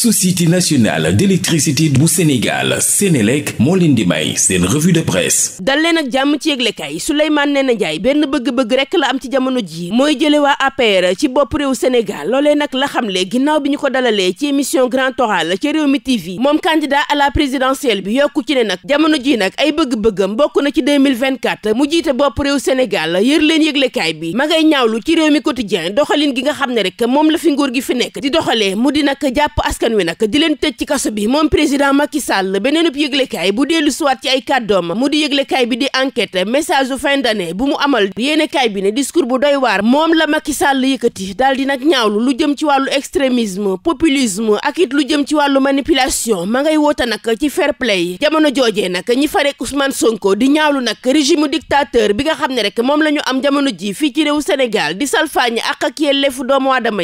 société nationale d'électricité bu Sénégal Sénélec moo leen di may seen revue de presse dal leen ak jàmm ci yëglekaay Souleymane Ndéné Ndiaye benn bëgg-bëgg rekk la am ci jamono ji mooy jële waa APR ci bopp réew Sénégal loolee nag la xamle ginnaaw bi ñu ko dalalee ci émission Grand Oral ci réew mi TV moom candidat à la présidentielle bi yokku ci ne nag jamono ji nag ay bëgg bëgg bokk na ci 2024 mu jiite bopp réew Sénégal yër leen yëglekaay bi ma ngay ci réew mi quotidien doxalin gi nga xam ne rek moom la fi nguur gi fi nekk di doxalee askan wi nag di leen tëj ci kaso bi moom président Macky Sall beneenub yëglekaay bu dellu suwaat ci ay kàddoom mu di yëglekaay bi di enquête message fin d'année bu mu amal yéenekaay bi ne discours bu doy waar moom la Macky Sall yëkkati daal di ñaawlu lu jëm ci wàllu extrémisme populisme ak it lu jëm ci wàllu manipulation ma ngay woote nag ci fair play jamono joojee nag ñi farek Ousmane Sonko di ñaawlu nag régime dictateur bi nga xam ne rek moom la ñu am jamono ji fii ci réew Sénégal di salfaañi ak ak yelleefu doomu aadama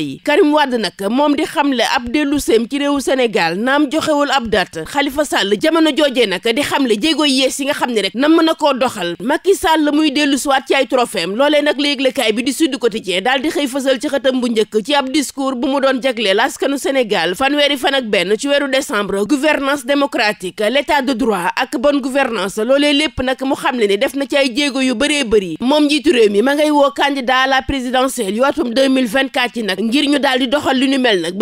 ci réewu Sénégal naam joxewul ab date Khalifa sàll jamono joojee nag di xamle jéego yees yi nga xam ne rek nam mën a koo doxal Macky sàll muy dellu siwaat ci ay trophéem loolee nag la yëglekaay bi di Sud Quotidien daal di xëy fësal ci xëtam bu njëkk ci ab discours bu mu doon jagleel askanu Sénégal fanweeri fan ak benn ci weeru décembre gouvernance démocratique l'état de droit ak bon gouvernance loole lépp nag mu xam ne ni def na ci ay jéego yu bëree bëri moom njiitu réew mi ma ngay woo candidat à la présidentielle yu atum 2024 yi nag ngir ñu daal di doxal li ñu mel nag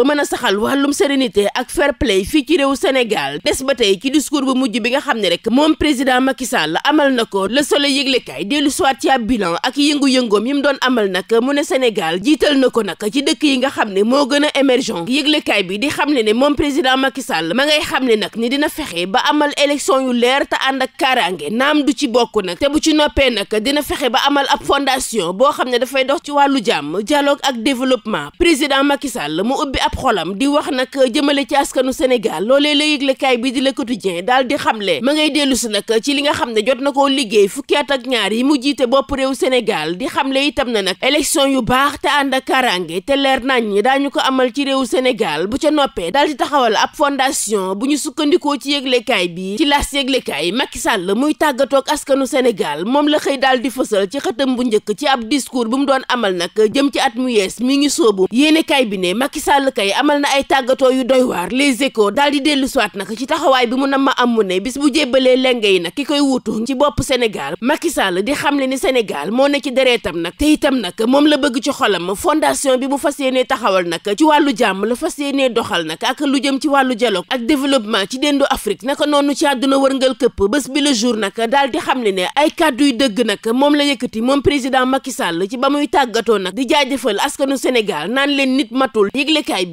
sérénité ak fair play fii ci réew Sénégal des ba tey ci discours bu mujj bi nga xam ne rek moom président Macky Sall amal Le Soleil yëglekaay dellu soit ci ab bilan ak yëngu-yëngoom mu doon amal nag mu ne Sénégal jiital na ko nag ci dëkk yi nga xam ne moo gën a émergent yëglekaay bi di xam ne ne moom président Macky Sall ma ngay xam ne nag ni dina fexe ba amal élection yu leer te ànd ak kaaraange naam du ci bokk nag te bu ci noppee nag dina fexe ba amal ab fondation boo xam ne dafay dox ci wàllu jàmm dialogue ak développement président Macky Sall ubbi ab xolam di wax nag jëmale ci askanu Sénégal loolee la yëglekaay bi di Le Quotidien daal di xamle ma ngay dellu si nag ci li nga xam ne jot na koo liggéey fukki ak ñaar yi mu jiite bopp réew Sénégal di xamle itam na nag élection yu baax te ànd ak karange te leer nañ ñi daañu ko amal ci réew Sénégal bu ca noppee daal di taxawal ab fondation bu ñu sukkandikoo ci yëglekaay bi ci las yëglekaay Macky Sall muy tàggatoog askanu Sénégal moom la xëy daal di fësal ci xëtam bu njëkk ci ab discours bu mu doon amal nag jëm ci at mu yees mi ngi sóobu yéene kaay bi ne Macky Sall kay amal na ay tàggatoo yu doy waar les échos daal di dellu siwaat nag ci taxawaay bi mu na ma am mu ne bis bu jébbalee lenge yi nag ki koy wuutu ci bopp Sénégal Macky Sall di xamle ni Sénégal moo ne ci dereetam nag te itam nag moom la bëgg ci xolam fondation bi mu fas yéenee taxawal nag ci wàllu jàmm la fas yéenee doxal nag ak lu jëm ci wàllu dialogue ak développement ci dendu Afrique naka noonu ci àdduna wërngal këpp bés bi le jour nag daal xam xamle ne ay kàddu dëgg nag moom la yëkkati moom président Macky Sall ci ba muy tàggatoo nag di jaajëfal askanu Sénégal naan leen nit matul yëglekaay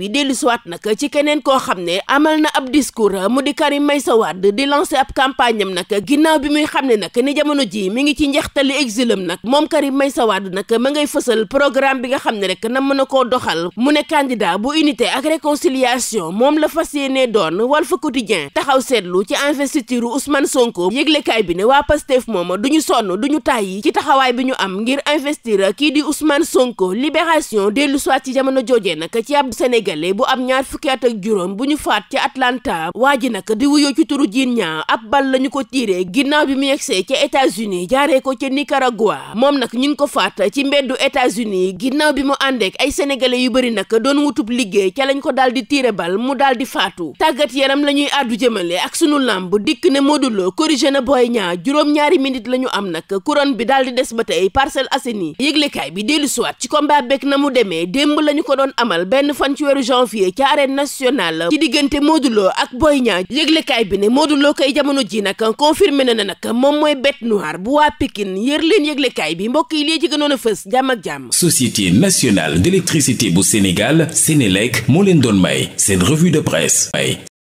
keneen koo xam ne amal na ab discours mu di Karim sa Wade di lancer ab campagne am nag ginnaaw bi muy xam ne nag ni jamono ji mi ngi ci njeextali exilam nag moom Karim sa wadd nag ma ngay fësal programme bi nga xam ne rek na mën a koo doxal mu ne candidat bu unité ak réconciliation moom la fas yéenee doon Walf Quotidien taxaw seetlu ci investiture Ousmane Sonko yëglekaay bi ne waa Pastef moom du ñu sonn du ñu tàyyi ci taxawaay bi ñu am ngir investir kii di Ousmane Sonko libération dellu soit ci jamono joojee nag ci ab sénégalais bu am ñaar fukki at ak juróom bu ñu faat ci Atlanta waa ji nag di wuyoo ci turu jiin ñaa ab bal la ñu ko tiiree ginnaaw bi mu yegsee ca États-Unis jaaree ko ca Nicaragua moom nag ñu ngi ko faat ci mbeddu États-Unis ginnaaw bi mu àndeek ay sénégalais yu bëri nag doon wutub liggéey ca lañ ko daal di tiire bal mu daal di faatu tàggat yaram la ñuy àddu jëmale ak sunu làmb dikk ne Modou Lo na Boy Niang juróom-ñaari minute la ñu am nag couronne bi daal di des ba tey Parcelles Assainies yëglekaay bi dellu siwaat ci combat bek na mu demee démb la ñu ko doon amal benn fan ci weeru janvier ca nationale ci diggante Modou Lo ak Boy Niang yëglekaay bi ne mooduloo koy jamono ji nag confirmé na ne nag moom mooy bête noire bu waa Pikine yër leen yëglekaay bi mbokk yi lii ci gënoon a fës jàmm ak jàmm. Société nationale d'électricité bu Sénégal Sénélec moo leen doon may seen revue de presse may.